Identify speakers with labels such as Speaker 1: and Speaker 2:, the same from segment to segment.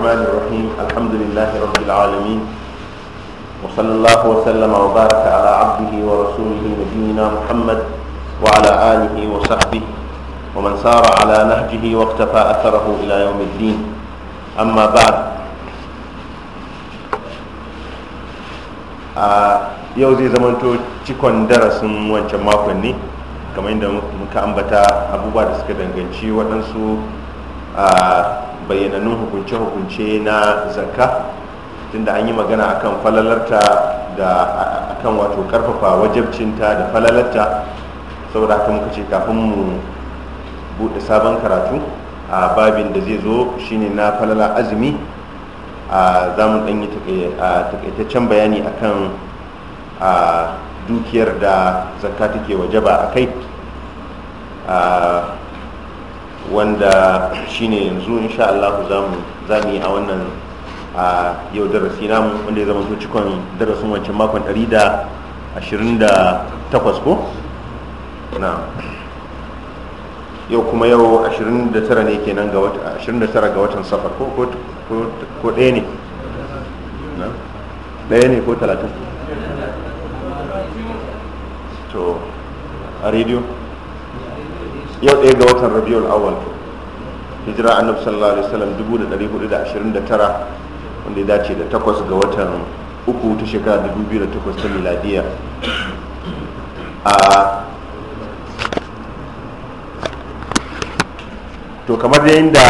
Speaker 1: الرحمن الرحيم الحمد لله رب العالمين وصلى الله وسلم وبارك على عبده ورسوله نبينا محمد وعلى آله وصحبه ومن سار على نهجه واقتفى أثره إلى يوم الدين أما بعد yau zai zamanto cikon darasin wancan makonni kamar yadda muka ambata abubuwa da suka danganci waɗansu bayyanannun hukunce-hukunce na zakka tunda an yi magana akan falalarta da akan wato karfafa wajabcinta da falalarta saboda haka muka ce kafin mu buɗe sabon karatu a babin da zai zo shine na falala azumi a zamu dan yi takaitaccen bayani akan a dukiyar da zakka take wajaba a kai wanda shine yanzu insha Allah za mu za yi a wannan a yau darasi namu wanda ya zama so cikon darasin wancan makon 128 ko na yau kuma yau 29 ne kenan ga wata 29 ga watan safar ko ko ko ɗaya ne na ɗaya ne ko 30 to a rediyo yau ɗaya ga watan rabiul awal hijira annabi sallallahu alaihi wasallam 1429 wanda ya dace da takwas ga watan uku ta shekara 2008 ta miladiya a to kamar da yadda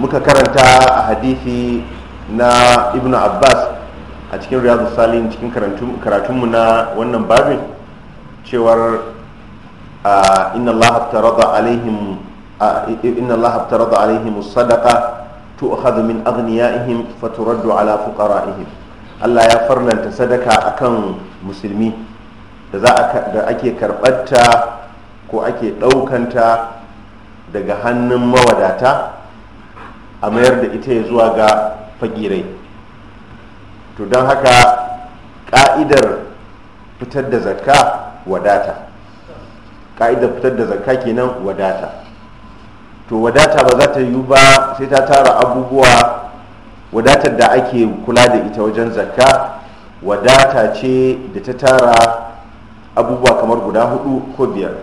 Speaker 1: muka karanta a hadithi na ibnu abbas a cikin riyadu salihin cikin karatunmu na wannan babin cewar inna Allah abtarada alaihim sadaka Allah abtarada min agniya min faturaddu ala fuqara'ihim Allah ya farlanta sadaka akan musulmi da za da ake karɓarta ko ake ɗaukanta daga hannun mawadata a mayar da ita ya zuwa ga fagirai to don haka ƙa'idar fitar da zakka wadata ka'idar fitar da zakka kenan wadata to wadata ba za ta yiwu ba sai ta tara abubuwa wadatar da ake kula da ita wajen zakka wadata ce da ta tara abubuwa kamar guda hudu ko biyar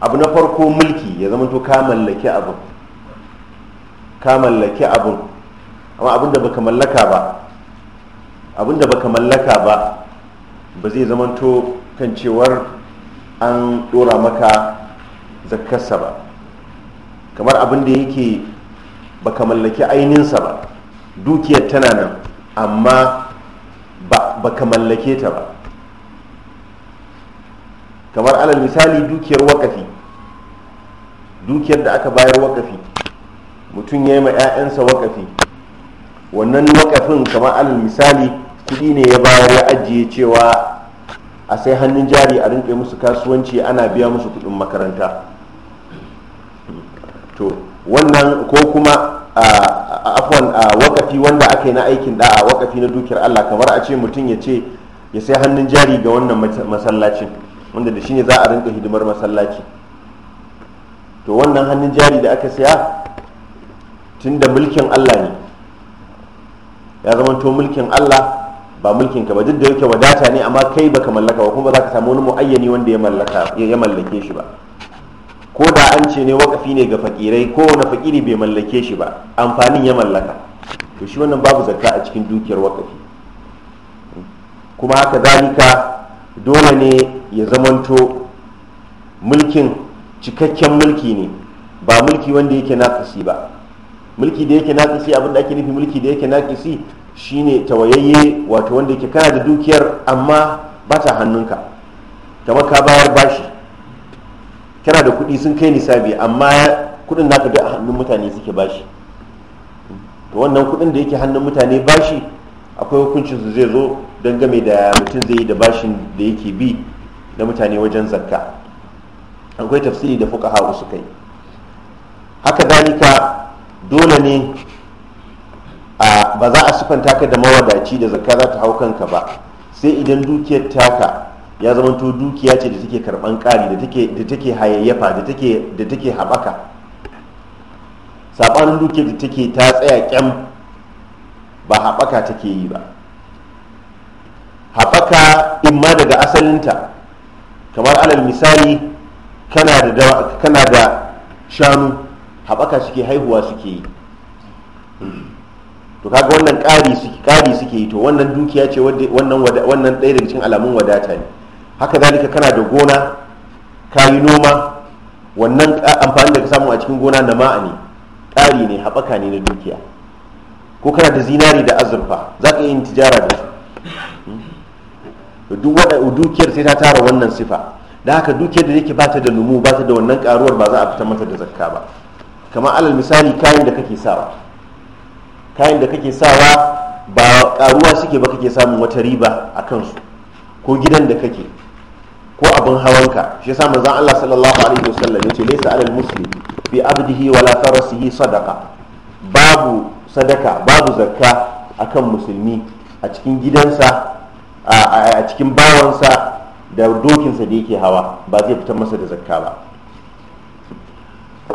Speaker 1: abu na farko mulki ya zama to ka mallaki abin ka abin amma abin da baka mallaka ba abin da baka mallaka ba ba zai zama to kan cewar an dora maka zakkarsa ba kamar abin da yake baka mallaki ainihinsa ba dukiyar tana nan amma baka mallake ta ba kamar alal misali dukiyar wakafi dukiyar da aka bayar wakafi mutum ya yi ma 'ya'yansa wakafi wannan wakafin kamar alal misali kudi ne ya bayar ya ajiye cewa a sai hannun jari a rinke musu kasuwanci ana biya musu kudin makaranta to wannan ko kuma a afon a wakafi wanda aka yi na aikin da'a wakafi na dukiyar Allah kamar a ce mutum ya ce ya sai hannun jari ga wannan masallacin wanda da shi ne za a rinka hidimar masallaci to wannan hannun jari da aka saya tun da mulkin Allah ne ya zama to mulkin Allah ba mulkin ka ba duk da yake wadata ne amma kai baka mallaka ba kuma ba za ka samu wani muayyani wanda ya mallaka ya mallake shi ba ko da an ce ne wakafi ne ga fakirai ko na fakiri bai mallake shi ba amfanin ya mallaka to shi wannan babu zakka a cikin dukiyar wakafi kuma haka zalika dole ne ya zamanto mulkin cikakken mulki ne ba mulki wanda yake nakasi ba mulki da yake nakasi abin da ake nufi mulki da yake nakasi shine tawayayye wato wanda ke kana da dukiyar amma ba ta hannunka kamar ka bayar bashi kana da kuɗi sun kai nisabi amma kuɗin naka da hannun mutane suke bashi to wannan kuɗin da yake hannun mutane bashi akwai hukuncin su zai zo don game da mutum zai yi da bashin da yake bi na mutane wajen zakka akwai tafsiri da fuka ha'u su kai haka zalika dole ne ba za a sifanta ka da mawadaci da zakka za ta hau kanka ba sai idan dukiyar taka ya zamanto dukiya ce da take karban ƙari da take hayayyafa da take haɓaka saɓanin dukiyar da take ta tsaya kyam ba haɓaka take yi ba haɓaka in ma daga asalinta kamar alal misali kana da shanu haɓaka suke haihuwa suke yi to kaga wannan ƙari suke ƙari suke yi to wannan dukiya ce wannan wannan ɗaya daga cikin alamun wadata ne haka zalika kana da gona ka yi noma wannan amfani da ka samu a cikin gona na ma'ani ƙari ne haɓaka ne na dukiya ko kana da zinari da azurfa za ka yi tijara da su hmm? duk dukiyar sai ta tara wannan sifa da haka dukiyar da yake ba ta da lumu ba ta da wannan karuwar ba za a fita mata da zakka ba kamar alal misali kayan da kake sawa kayan da kake sawa ba karuwa suke ba kake samun wata riba a kansu ko gidan da kake ko abin hawanka shi yasa manzon Allah sallallahu alaihi wasallam yace laysa alal muslim bi abdihi wala farasihi sadaqa babu sadaka babu zakka akan musulmi a cikin gidansa a cikin bawansa da dokinsa da yake hawa ba zai fitar masa da zakka ba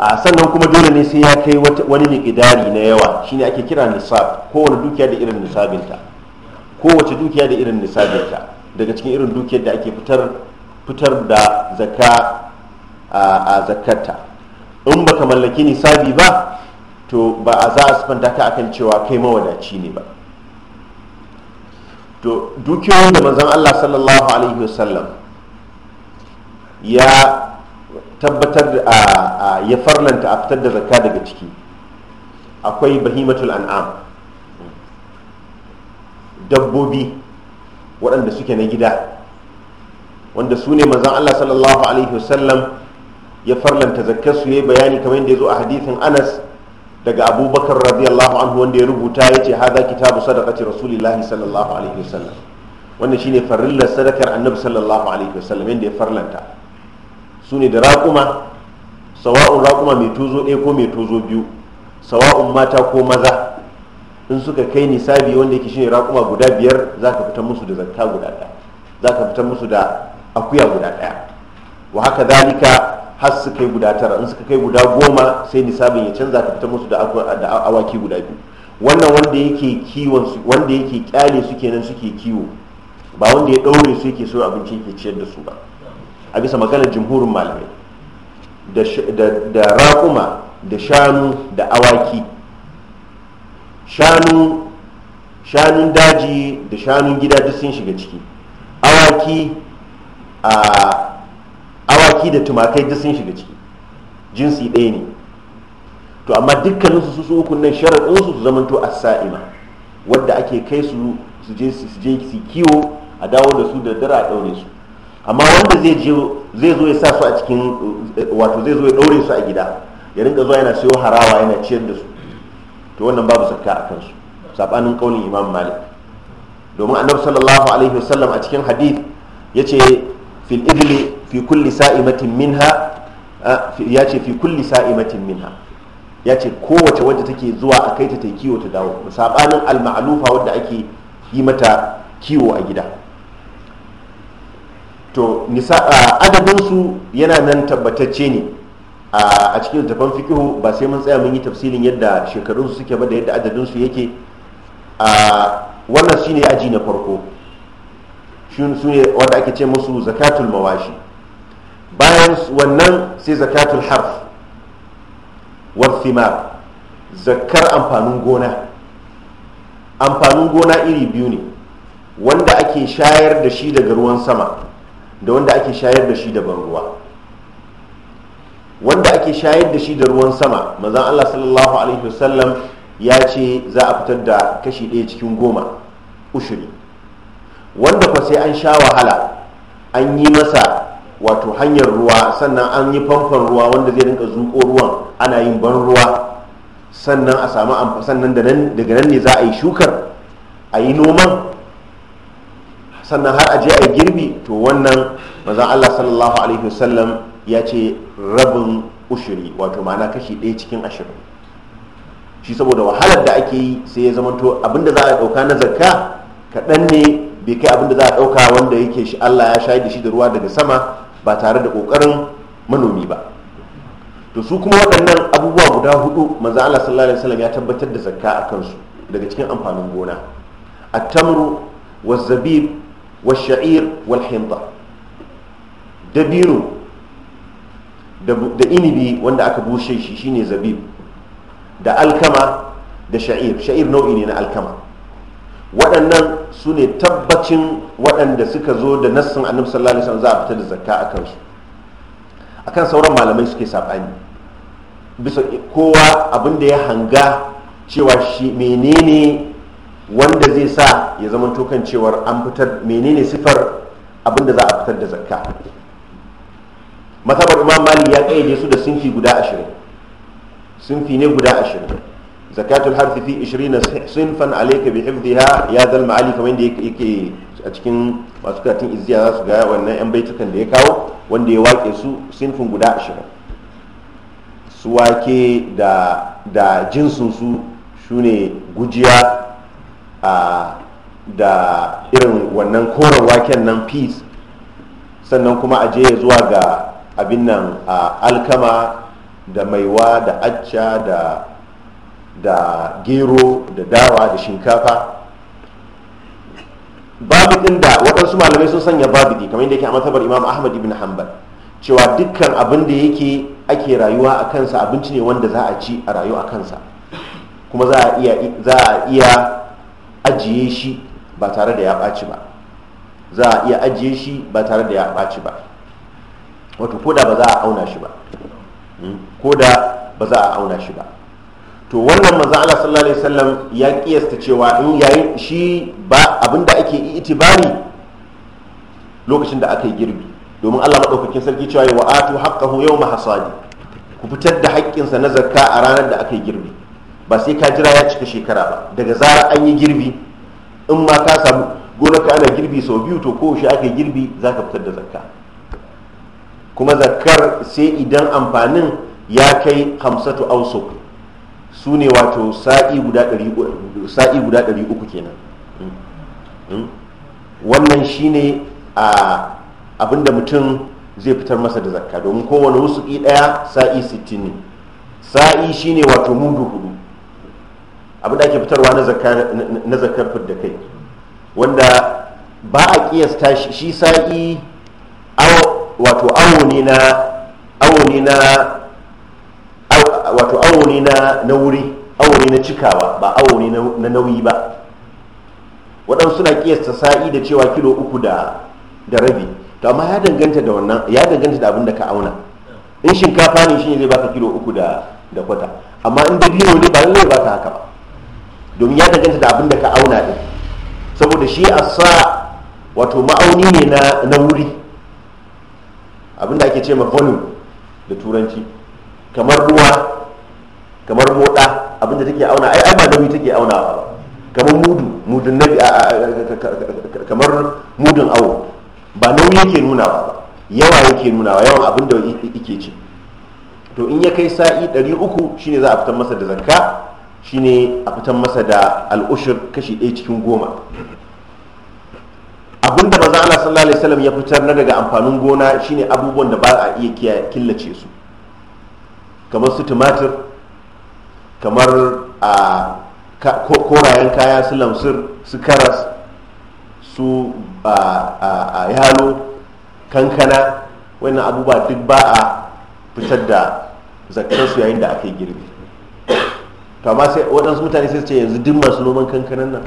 Speaker 1: a sannan kuma dole ne sai ya kai wani miƙidari na yawa shine ake kira nisab kowane dukiya da irin nisabinta kowace dukiya da irin nisabinta daga cikin irin dukiyar da ake fitar fitar da zaka a zakarta in baka mallaki nisabi ba to ba a za a sifanta ka akan cewa kai mawadaci ne ba to dukiyoyin da manzon Allah sallallahu alaihi wasallam ya tabbatar da ya farlanta a fitar da zakka daga ciki akwai bahimatul an'am dabbobi waɗanda suke na gida wanda su ne manzan Allah sallallahu alaihi wasallam ya farlanta zakkar su yayi bayani kamar yadda ya zo a hadithin Anas daga Abubakar radiyallahu anhu wanda ya rubuta ya ce hadha kitabu sadaqati rasulillahi sallallahu alaihi wasallam wannan shine farillar sadakar annabi sallallahu alaihi wasallam yadda ya farlanta su ne da raƙuma sawa'un raƙuma mai tozo ɗaya ko mai tozo biyu sawa'un mata ko maza in suka kai nisabi wanda yake shine raƙuma guda biyar za ka fitar musu da zakka guda ɗaya za ka fitar musu da akuya guda ɗaya wa haka zalika har su kai guda tara in suka kai guda goma sai nisabin ya canza ka fitar musu da awaki guda biyu wannan wanda yake kiwon su wanda yake kyale su kenan suke kiwo ba wanda ya ɗaure su yake so abinci yake ciyar da su ba a bisa maganar jimhurin malamai da raƙuma da shanu da awaki shanu shanun daji da shanun gida duk sun shiga ciki awaki a awaki da tumakai duk sun shiga ciki jinsi ɗaya ne to amma dukkaninsu su uku nan su su zamanto a sa'ima wadda ake kai su su je su kiwo a dawo da su da dara a ɗaure su amma wanda zai je zai zo ya sa su a cikin wato zai zo ya ɗaure su a gida ya rinka zuwa yana siyo harawa yana ciyar da su to wannan babu zakka a kansu sabanin kaunin imam malik domin annabi sallallahu alaihi wasallam a cikin hadith yace fil ibli fi kulli sa'imatin minha ya ce fi kulli sa'imatin minha ya ce kowace wadda take zuwa a kai ta ta kiwo ta dawo sabanin al-ma'lufa wadda ake yi mata kiwo a gida to nisa adadinsu yana nan tabbatacce ne a cikin tafan fikihu ba sai mun tsaya mun yi tafsirin yadda shekarunsu suke ba da yadda adadinsu yake wannan shine aji na farko shi su ne wanda ake ce musu zakatul mawashi bayan wannan sai zakatul harf war thimar zakar amfanin gona amfanin gona iri biyu ne wanda ake shayar da shi daga ruwan sama da wanda ake shayar da shi da ban ruwa wanda ake shayar da shi da ruwan sama manzon Allah sallallahu alaihi wasallam ya ce za a fitar da kashi ɗaya cikin goma ushiri wanda kwa sai an sha wahala an yi masa wato hanyar ruwa sannan an yi famfon ruwa wanda zai rinka zuƙo ruwan ana yin ban ruwa sannan a samu sannan daga nan ne za a yi shukar a yi noman sannan har a aje a girbi to wannan mazan allah sallallahu alaihi wasallam ya ce rabin ushiri wato ma'ana kashi ɗaya cikin ashirin shi saboda wahalar da ake yi sai ya zamanto abinda za a ɗauka na zakka kaɗan ne bai kai abinda za a ɗauka wanda yake shi allah ya shayar da shi da ruwa daga sama ba tare da ƙoƙarin manomi ba to su kuma waɗannan abubuwa guda hudu manzo Allah sallallahu alaihi wasallam ya tabbatar da zakka a kansu daga cikin amfanin gona at-tamru waz-zabib والشعير والحنطة دبيرو da inibi wanda aka bushe shi shine zabib da alkama da sha'ir sha'ir nau'i ne na alkama waɗannan su ne tabbacin waɗanda suka zo da nassin annabi sallallahu alaihi wasallam za a fita da zakka a kansu akan sauran malamai suke saɓani bisa kowa abin da ya hanga cewa shi menene wanda zai sa ya zama tokan cewar an fitar menene sifar abinda za a fitar da zakka masabar imam mali ya kayyade su da sinfi guda ashirin sinfi ne guda ashirin zakatul harfi fi ishirina sinfan alaika bi hifdhiha ya zal ma'ali kamar yadda yake a cikin masu karatun izziya za su ga wannan yan baitukan da ya kawo wanda ya wake su sinfin guda ashirin su wake da jinsinsu su gujiya da irin wannan koren waken nan peace sannan kuma a je zuwa ga abin nan alkama da maiwa da acca da da gero da dawa da shinkafa babu ɗin da waɗansu malamai sun sanya babu kamar yadda yake a matsabar imam ahmad ibn hanbal cewa dukkan abin da yake ake rayuwa a kansa abinci ne wanda za a ci a rayu a kansa kuma za a iya ajiye shi ba tare da ya ɓaci ba za a iya ajiye shi ba tare da ya ɓaci ba wato koda ba za a auna shi ba hmm? koda ba za a auna shi ba to wannan maza Allah sallallahu alaihi wasallam ya kiyasta cewa in yayin shi ba abinda ake itibari lokacin da aka yi girbi domin Allah madaukakin sarki cewa wa atu haqqahu yawma hasadi ku fitar da haƙƙinsa na zakka a ranar da aka yi girbi ba sai ka jira ya cika shekara ba daga zara an yi girbi in ma ka samu ka ana girbi sau biyu to ko shi aka girbi za ka fitar da zakka kuma zakkar sai idan amfanin ya kai hamsatu auso su ne wato sa'i guda ɗari uku kenan hmm. Hmm. wannan shine a abinda mutum zai fitar masa da zakka domin kowane wasu ɗaya sa'i sittin ne sa'i shine wato mudu hudu Abu da ake fitarwa na zakar da kai wanda ba a kiyasta shi sa'i wato awoni na awoni na wato awoni na na wuri awoni na cikawa ba awoni na nauyi ba waɗansu suna kiyasta sa'i da cewa kilo uku da da rabi to amma ya danganta da wannan ya danganta da abin da ka auna in shinkafa ne shi ne zai baka kilo uku da kwata amma in dabino ne ba zai baka haka ba domin ya danganta da abin da ka auna din saboda shi sa wato ma'auni ne na wuri abin da ake ce ma volume da turanci kamar ruwa kamar moda abin da take auna ai ba nauyi take auna ba kamar mudu mudun nabi kamar mudun awo ba nauyi yake nuna ba yawa yake nuna ba yawan abin da yake ce to in ya kai sa'i 300 shine za a fitar masa da zakka shine a fitan masa da al'ushir kashi ɗaya cikin goma abinda maza Allah sallallahu alaihi wasallam ya fitar na daga amfanin gona shine abubuwan da ba a iya killace su kamar su tumatir kamar a korayen kaya su lamsir su karas su a yalo kankana wannan abubuwa duk ba a fitar da zakarsu yayin da aka yi girbi to amma sai waɗansu mutane sai su ce yanzu duk masu noman kankanan nan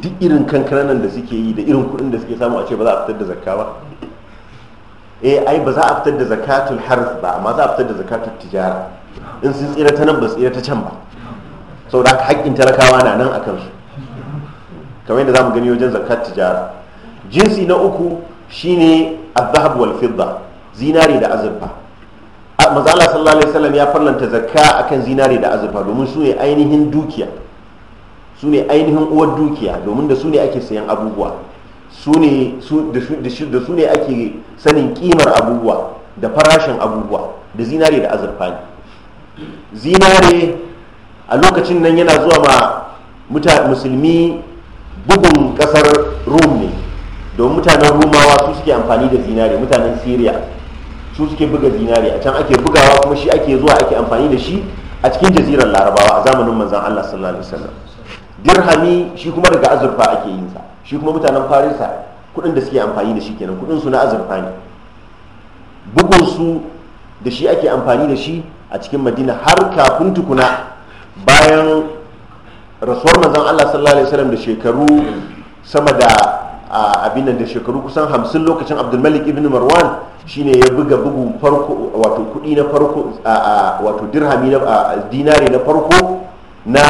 Speaker 1: duk irin kankanan nan da suke yi da irin kuɗin da suke samu a ce ba za a fitar da zakka ba eh ai ba za a fitar da zakatul harz ba amma za a fitar da zakatul tijara in sun tsira ta nan ba tsira ta can ba saboda haka haƙƙin talakawa na nan a kansu kamar yadda zamu gani wajen zakat tijara jinsi na uku shine azhab wal fidda zinari da azurfa manzo sallallahu alaihi wasallam ya farlanta zakka akan zinare da azurfa domin su ne ainihin dukiya su ne ainihin uwar dukiya domin da su ne ake sayan abubuwa su ne da su ne ake sanin kimar abubuwa da farashin abubuwa da zinare da azurfa ne zinare a lokacin nan yana zuwa ma musulmi bugun kasar rum ne domin mutanen rumawa su suke amfani da zinare mutanen syria su suke buga zinari a can ake bugawa kuma shi ake zuwa ake amfani da shi a cikin jazirar larabawa a zamanin manzan allah sallallahu alaihi wasallam dirhami shi kuma daga azurfa ake yin sa shi kuma mutanen farisa kudin da suke amfani da shi kenan kudin su na azurfa ne bugun su da shi ake amfani da shi a cikin madina har kafin tukuna bayan rasuwar manzan allah sallallahu alaihi wasallam da shekaru sama da abin da shekaru kusan hamsin lokacin abdulmalik ibn marwan shine ya buga bugu farko wato kudi na farko wato dirhami na dinari na farko na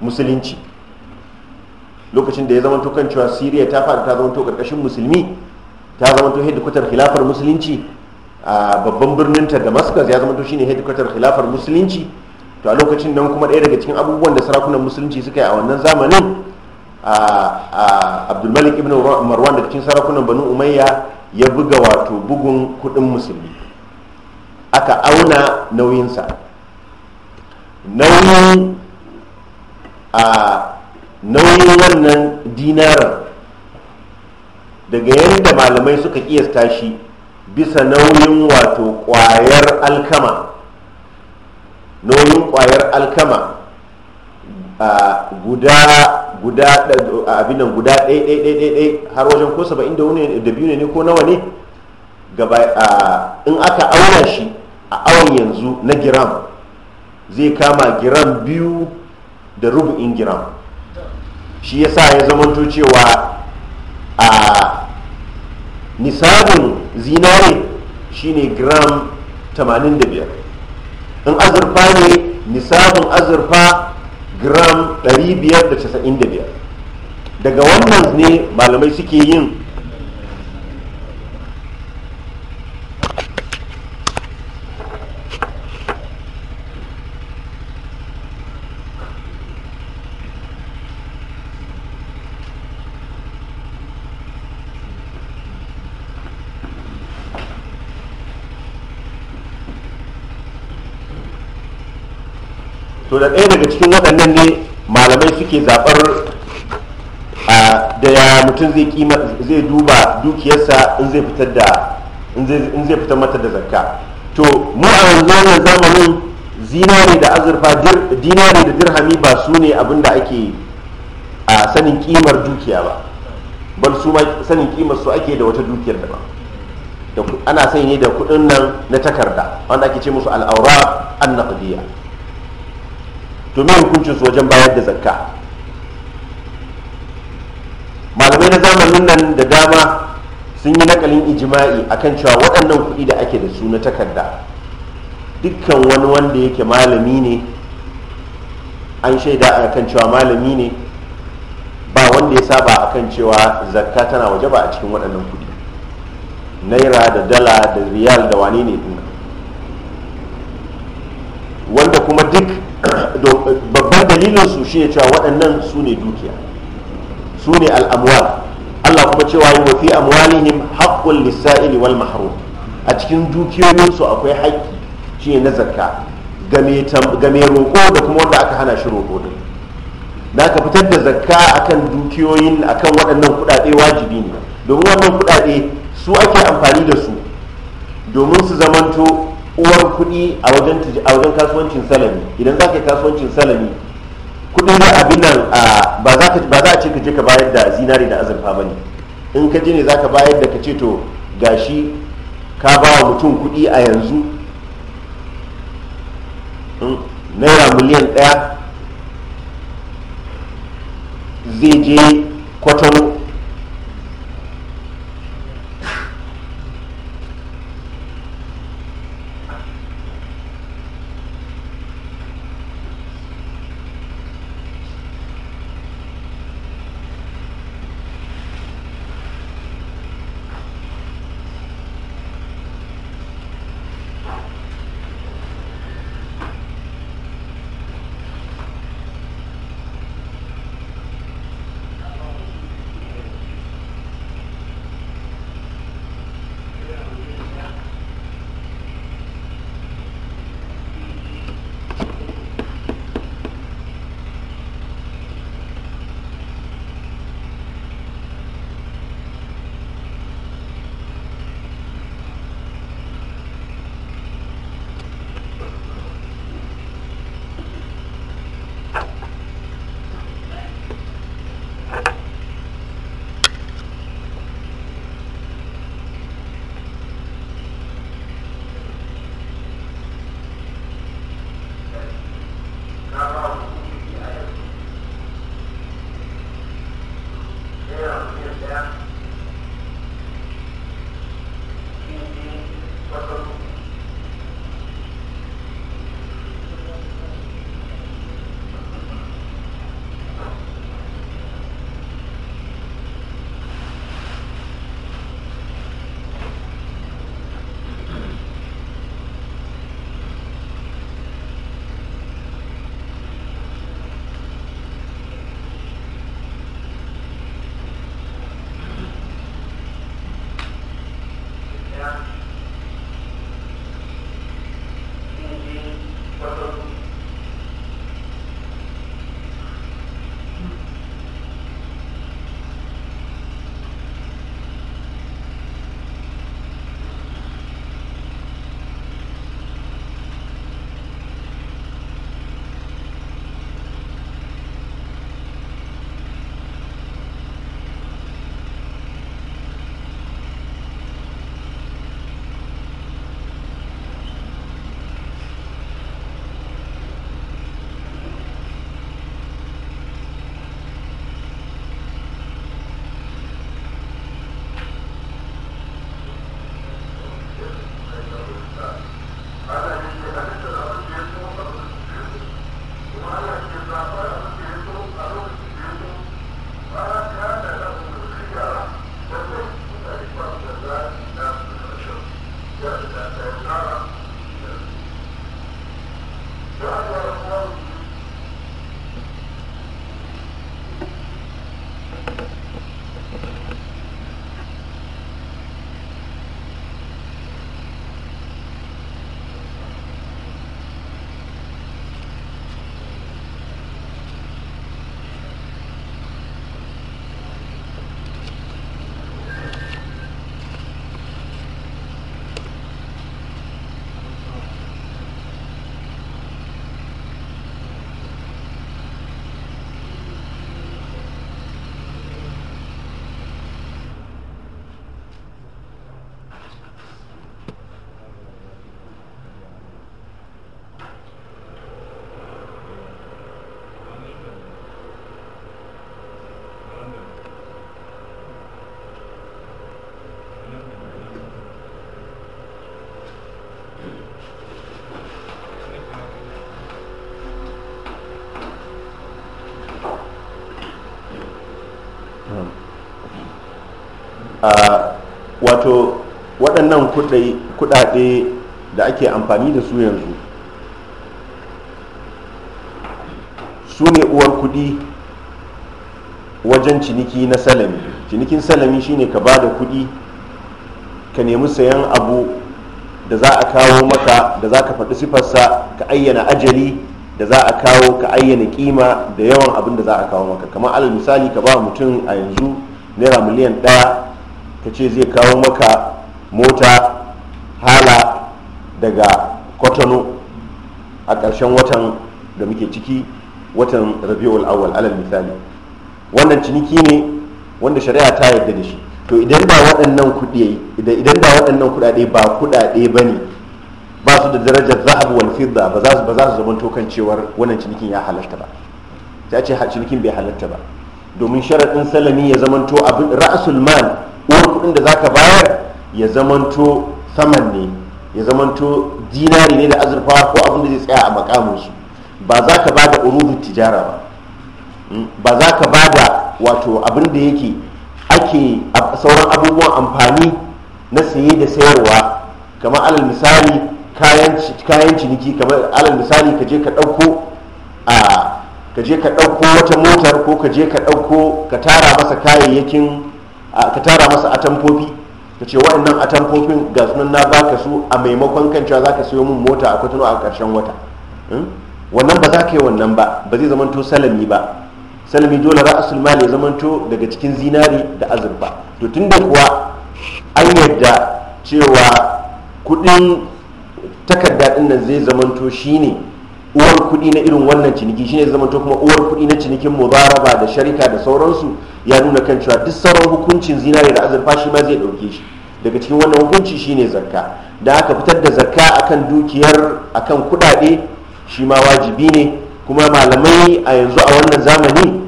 Speaker 1: musulunci lokacin da ya zama kan cewa siriya ta faɗi ta zama karkashin musulmi ta zama to hedikwatar khilafar musulunci a babban birnin ta damascus ya zama to shine hedikwatar khilafar musulunci to a lokacin nan kuma ɗaya daga cikin abubuwan da sarakunan musulunci suka yi a wannan zamanin a abdulmalik ibn marwan da cikin sarakunan banu umayya ya buga wato bugun kudin musulmi aka auna nauyinsa nauyin a nauyin wannan dinarar daga yadda malamai suka kiyasta shi bisa nauyin wato kwayar alkama nauyin kwayar alkama guda guda abin nan guda ɗai ɗai ɗai ɗai har wajen ko saba'in da da biyu ne ko nawa ne gaba in aka auna shi a awon yanzu na giram zai kama giram biyu da rubu'in giram shi ya sa ya zamanto cewa a nisabin zinare shine gram 85 in azurfa ne nisabin azurfa gram 595 daga wannan ne malamai suke yin to da ɗaya daga cikin waɗannan ne malamai suke zaɓar da ya mutum zai kima zai duba dukiyarsa in zai fitar da in zai fitar mata da zakka to mu a yanzu zamanin zinare da azurfa dinare da dirhami ba su ne abinda ake a sanin kimar dukiya ba bal su ma sanin kimar su ake da wata dukiyar da ba ana sanya ne da kudin nan na takarda wanda ake ce musu al'aura an naqdiya to me hukuncin su wajen bayar da zakka malamai na zamanin nan da dama sun yi nakalin ijima'i akan cewa waɗannan kuɗi da ake da su na takarda dukkan wani wanda yake malami ne an shaida a kan cewa malami ne ba wanda ya saba a kan cewa zakka tana waje ba a cikin waɗannan kuɗi naira da dala da riyal da wane ne wanda kuma duk babban dalilin su shi cewa waɗannan su ne dukiya su ne al'amwal Allah kuma cewa yi wa amwalihim haƙƙun lissa'ili wal mahrum a cikin dukiyoyinsu akwai haƙƙi shi na zakka ga mai roƙo da kuma wanda aka hana shi roƙo din da aka fitar da zakka akan dukiyoyin akan waɗannan kuɗaɗe wajibi ne domin wannan kuɗaɗe su ake amfani da su domin su zamanto uwar kuɗi a wajen kasuwancin salami idan za ka yi kasuwancin salami kuɗin da abin nan ba za a ce ka je ka bayar da zinari da azurfa ba ne in ka je ne za ka bayar da ka ce to gashi ka ba wa mutum kuɗi a yanzu hmm, naira miliyan ɗaya zai je kwatano a wato waɗannan kuɗaɗe da ake amfani da su yanzu su ne uwar kuɗi wajen ciniki na salami cinikin salami shine ka ba da kuɗi ka nemi sayan abu da za a kawo maka da za ka faɗi siffarsa ka ayyana ajali da za a kawo ka ayyana kima da yawan abin da za a kawo maka kamar alal misali ka ba mutum a yanzu naira miliyan ɗaya ka ce zai kawo maka mota hala daga kwatano a ƙarshen watan da muke ciki watan rabi'ul awwal alal misali wannan ciniki ne wanda shari'a ta yarda da shi to idan ba waɗannan kuɗi idan ba waɗannan kuɗaɗe ba kuɗaɗe ba ne ba su da darajar zahab wal fidda ba za su ba za zama tokan cewar wannan cinikin ya halatta ba ta ce cinikin bai halatta ba domin sharaɗin salami ya zamanto abin ra'asul mal uwar kuɗin da za ka bayar ya zamanto saman ne ya zamanto dinari ne da azurfa ko abin da zai tsaya a makaminsu ba za ka ba da urubin tijara ba hmm? ba za ka ba da wato abin da yake ake sauran abubuwan amfani na saye da sayarwa kamar alal misali kayan ciniki kamar alal misali ka je ka ɗauko a ka je ka ɗauko wata motar ko ka je ka ɗauko ka tara masa kayayyakin ka tara masa atamfofi ka ce waɗannan atamfofin ga sunan na baka su a maimakon kan cewa ka sayo min mota a kwatano a ƙarshen wata hmm? wannan ba za ka yi wannan ba ba zai zamanto salami ba salami dole ra'a sulma ne zamanto daga cikin zinari da azurfa to tun tunda kuwa an yadda cewa kuɗin takarda din nan zai zamanto shine uwar kuɗi na irin wannan ciniki shine zama to kuma uwar kuɗi na cinikin mudaraba da sharika da sauransu ya nuna kan cewa duk sauran hukuncin zinari da azurfa shi ma zai dauke shi daga cikin wannan hukunci shine zakka da aka fitar da zakka akan dukiyar akan kudade shi ma wajibi ne kuma malamai a yanzu a wannan zamani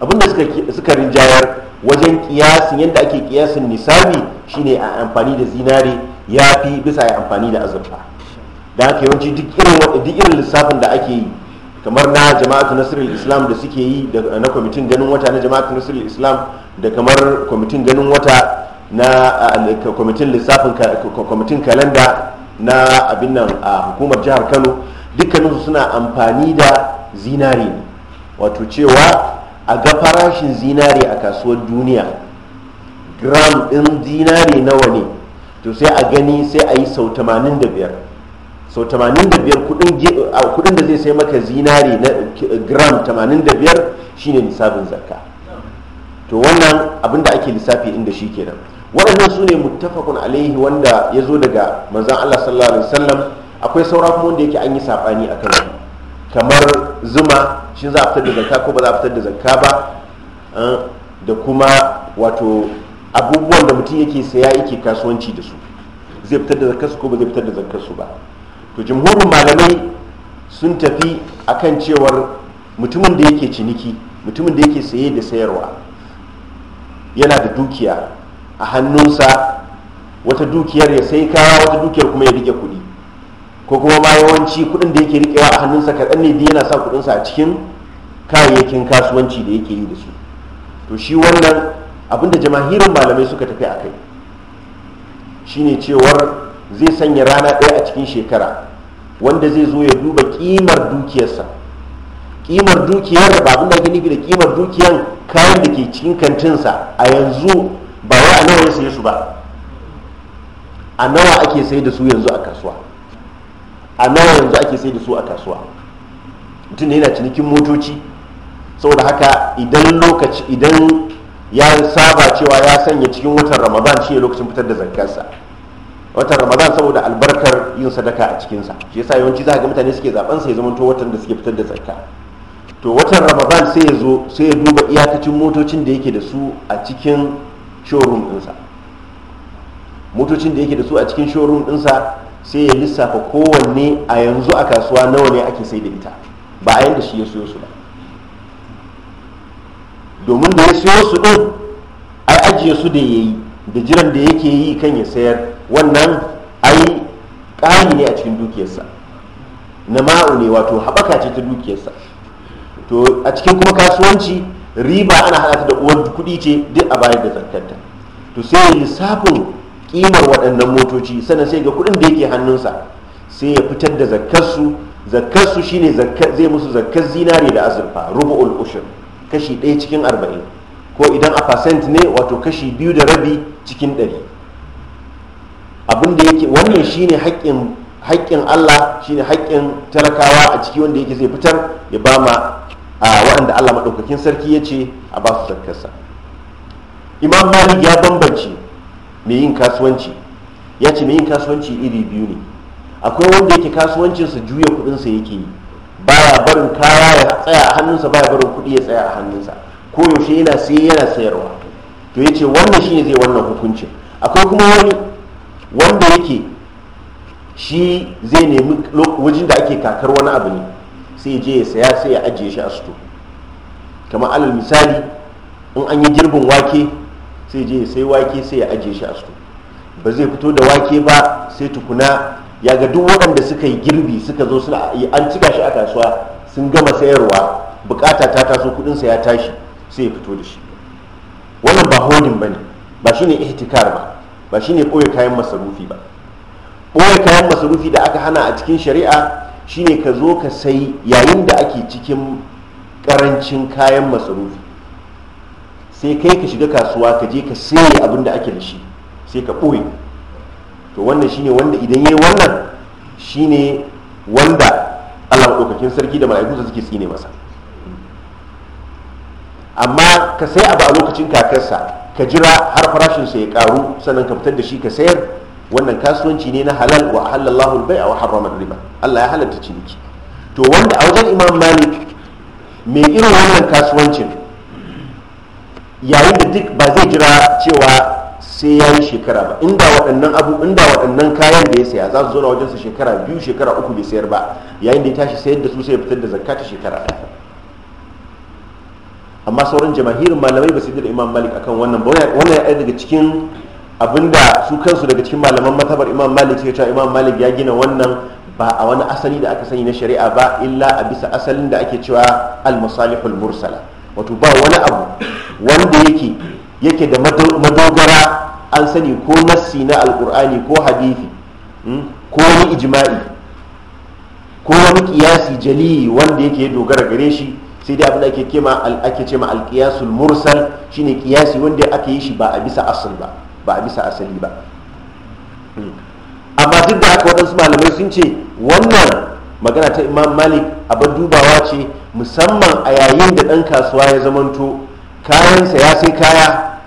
Speaker 1: abinda suka suka rinjayar wajen kiyasin yadda ake kiyasin nisabi shine a amfani da zinari ya fi bisa ya amfani da azurfa da haka yawanci duk irin lissafin da ake yi kamar na jama'atu nasirul islam da suke yi na kwamitin ganin wata na jama'atu nasirul islam da kamar kwamitin ganin wata na kwamitin lissafin kwamitin kalanda na abin nan a hukumar jihar kano dukkaninsu suna amfani da zinari ne wato cewa a ga farashin zinari a kasuwar duniya gram ɗin zinari nawa ne to sai a gani sai a yi sau 85 sau 85 kudin da zai sai maka zinari na gram 85 shine lissafin zakka to wannan abin da ake lissafi inda shi kenan waɗannan su ne muttafaqun alaihi wanda ya zo daga manzan Allah sallallahu alaihi wasallam akwai saura kuma wanda yake an yi saɓani a kan kamar zuma shi za a fitar da zakka ko ba za a fitar da zakka ba ah, da kuma wato abubuwan da mutum yake saya yake kasuwanci da su zai fitar da zakkarsu ko ba zai fitar da zakkarsu ba to jimhurin malamai sun tafi akan cewar mutumin da yake ciniki mutumin da yake saye da sayarwa yana da dukiya a hannunsa wata dukiyar ya sai kaya wata dukiyar kuma ya rike kuɗi ko kuma ma yawanci kuɗin da yake rikewa a hannunsa kaɗan ne yana sa kuɗinsa a cikin kayayyakin kasuwanci da yake yi da su to shi wannan abinda jamahirin malamai suka tafi a kai shine cewar zai sanya rana ɗaya a cikin shekara wanda zai zo ya duba ƙimar dukiyarsa Ƙimar dukiyar ba abin da gini nufi da kimar dukiyar kayan da ke cikin kantinsa a yanzu ba wa a nawa ya saye su ba a nawa ake sai da su yanzu a kasuwa a nawa yanzu ake sai da su a kasuwa mutum ne yana cinikin motoci saboda haka idan lokaci idan ya saba cewa ya sanya cikin watan ramadan shi lokacin fitar da zakkarsa watan ramadan saboda albarkar yin sadaka a cikinsa shi yasa yawanci za ga mutane suke zaben sai zama to watan da suke fitar da zakka to watan ramadan sai ya zo sai ya duba iyakacin motocin da yake da su a cikin showroom dinsa motocin da yake da su a cikin showroom ɗinsa sai ya lissafa kowanne a yanzu a kasuwa nawa ne ake sai da ita ba a yanda shi ya siyo su ba domin da ya siyo su din ai ajiye su da yayi da jiran da yake yi kan ya sayar wannan ai ƙari ne a cikin dukiyarsa na ne wato haɓaka ce ta dukiyarsa to a cikin kuma kasuwanci riba ana haɗa da uwar kuɗi ce duk a bayar da zakkarta to sai ya lissafin ƙimar waɗannan motoci sannan sai ga kuɗin da yake hannunsa sai ya fitar da zakkarsu zakkarsu shine zai musu zakkar zinare da azurfa rubu'ul ushur kashi ɗaya cikin arba'in ko idan a percent ne wato kashi biyu da rabi cikin ɗari abin da yake wannan shine haƙƙin haƙƙin Allah shine haƙƙin talakawa a ciki wanda yake zai fitar ya ba ma waɗanda Allah maɗaukakin sarki ya ce a ba su zakkarsa imam malik ya bambance mai yin kasuwanci ya ce mai yin kasuwanci iri biyu ne akwai wanda yake kasuwancinsa juya kuɗinsa yake yi baya barin kaya ya tsaya a hannunsa baya barin kuɗi ya tsaya a hannunsa ko yaushe yana yana sayarwa to ya ce wannan shine zai wannan hukuncin akwai kuma wani shi zai nemi wajen da ake kakar wani abu ne sai je ya saya sai ya ajiye shi a suto kamar alal misali in an yi girbin wake sai je ya sai wake sai ya ajiye shi a suto ba zai fito da wake ba sai tukuna ya ga duk waɗanda suka yi girbi suka zo suna an cika shi a kasuwa sun gama sayarwa bukata ta taso sa ya tashi sai ya fito da shi wannan ba holding ba ne ba shine ihtikar ba ba shine ɓoye kayan masarufi ba ɓoye kayan masarufi da aka hana a cikin shari'a shine ka zo ka sai yayin da ake cikin ƙarancin kayan masarufi sai kai ka shiga kasuwa ka je ka sai abin da ake da shi sai ka ɓoye to wannan shine wanda idan ya yi wannan shine wanda Allah ɗaukakin sarki da mala'ikunsa suke tsine masa amma ka sai abu a lokacin kakarsa ka jira har farashinsa ya ƙaru sannan ka fitar da shi ka sayar wannan kasuwanci ne na halal wa halallahu al-bai'a wa harrama riba Allah ya halatta ciniki to wanda a wajen Imam Malik mai irin wannan kasuwancin yayin da duk ba zai jira cewa sai ya yi shekara ba inda waɗannan abu inda waɗannan kayan da ya saya za su zo na wajensa shekara biyu shekara uku bai sayar ba yayin da ya tashi sayar da su sai ya fitar da zakka ta shekara ɗaya amma sauran jama'irin malamai ba su da imam malik akan wannan ba wannan ya daga cikin abinda su kansu daga cikin malaman matabar imam malik ya imam malik ya gina wannan ba a wani asali da aka sani na shari'a ba illa a bisa asalin da ake cewa al-masalihul mursala wato ba wani abu wanda yake yake da madogara an sani ko nassi na alkur'ani ko hadithi hmm, ko wani ijma'i ko wani kiyasi jali wanda yake dogara gare shi sai dai abin da ake kema ake cema al-qiyasul mursal shine kiyasi wanda aka yi shi ba a bisa asal ba ba a bisa asali ba amma duk da haka waɗansu malamai sun ce wannan magana ta imam malik abin dubawa ce musamman a yayin da ɗan kasuwa ya zamanto kayansa ya sai kaya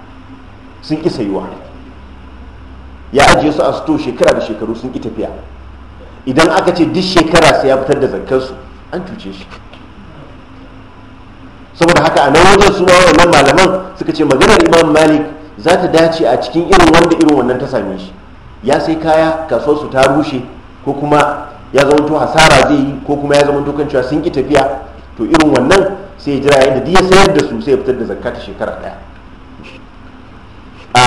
Speaker 1: sun ƙi sayuwa ya ajiye su a sto shekara da shekaru sun ƙi tafiya idan aka ce duk shekara sai ya fitar da zakkarsu an cuce shi saboda haka a nan wajen su ma malaman suka ce maganar imam malik za ta dace a cikin irin wanda irin wannan ta same shi ya sai kaya kasuwar su ta rushe ko kuma ya zamanto hasara zai yi ko kuma ya zamanto kan cewa sun ki tafiya to irin wannan sai ya jira yadda duk ya sayar da su sai ya fitar da zakka ta shekara daya a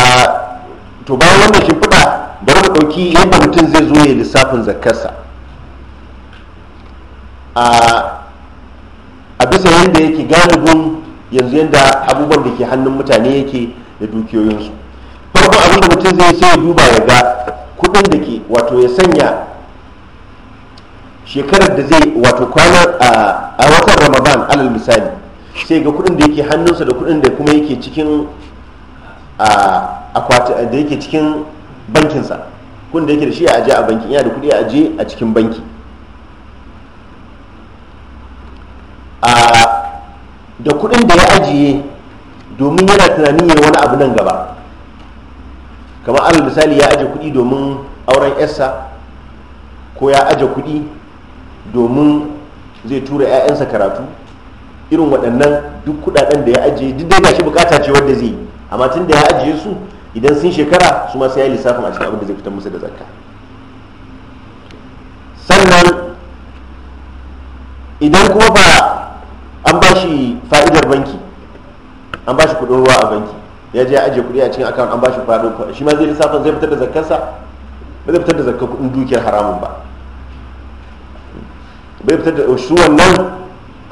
Speaker 1: to bayan wannan shimfiɗa bari mu ɗauki yadda mutum zai zo ya lissafin zakkarsa a bisa yadda yake galibin yanzu yadda abubuwan da ke hannun mutane yake da dukiyoyinsu farko abin da mutum zai sai ya duba ya ga kudin da ke wato ya sanya shekarar da zai wato kwana a watan ramadan alal misali sai ga kudin da yake hannunsa da kudin da kuma yake cikin akwati da yake cikin bankinsa kudin da yake da shi a aje a bankin yana da kudi a aje a cikin banki da kudin da ya ajiye domin yana tunanin ya yi wani abu nan gaba kamar alal misali ya aje kuɗi domin auren yarsa ko ya aje kuɗi domin zai tura 'ya'yansa karatu irin waɗannan duk kuɗaɗen da ya ajiye duk dai shi bukata ce wadda zai yi amma tun da ya ajiye su idan sun shekara su ma sai ya lissafin a cikin abin da zai fitar musu da zakka sannan idan kuma ba an ba shi fa'idar banki an ba shi kudin ruwa a banki ya je aje kudi a cikin account an ba shi fadin kudi shi ma zai lissafin zai fitar da zakkarsa ba zai fitar da zakkar kudin dukiyar haramun ba bai fitar da shi wannan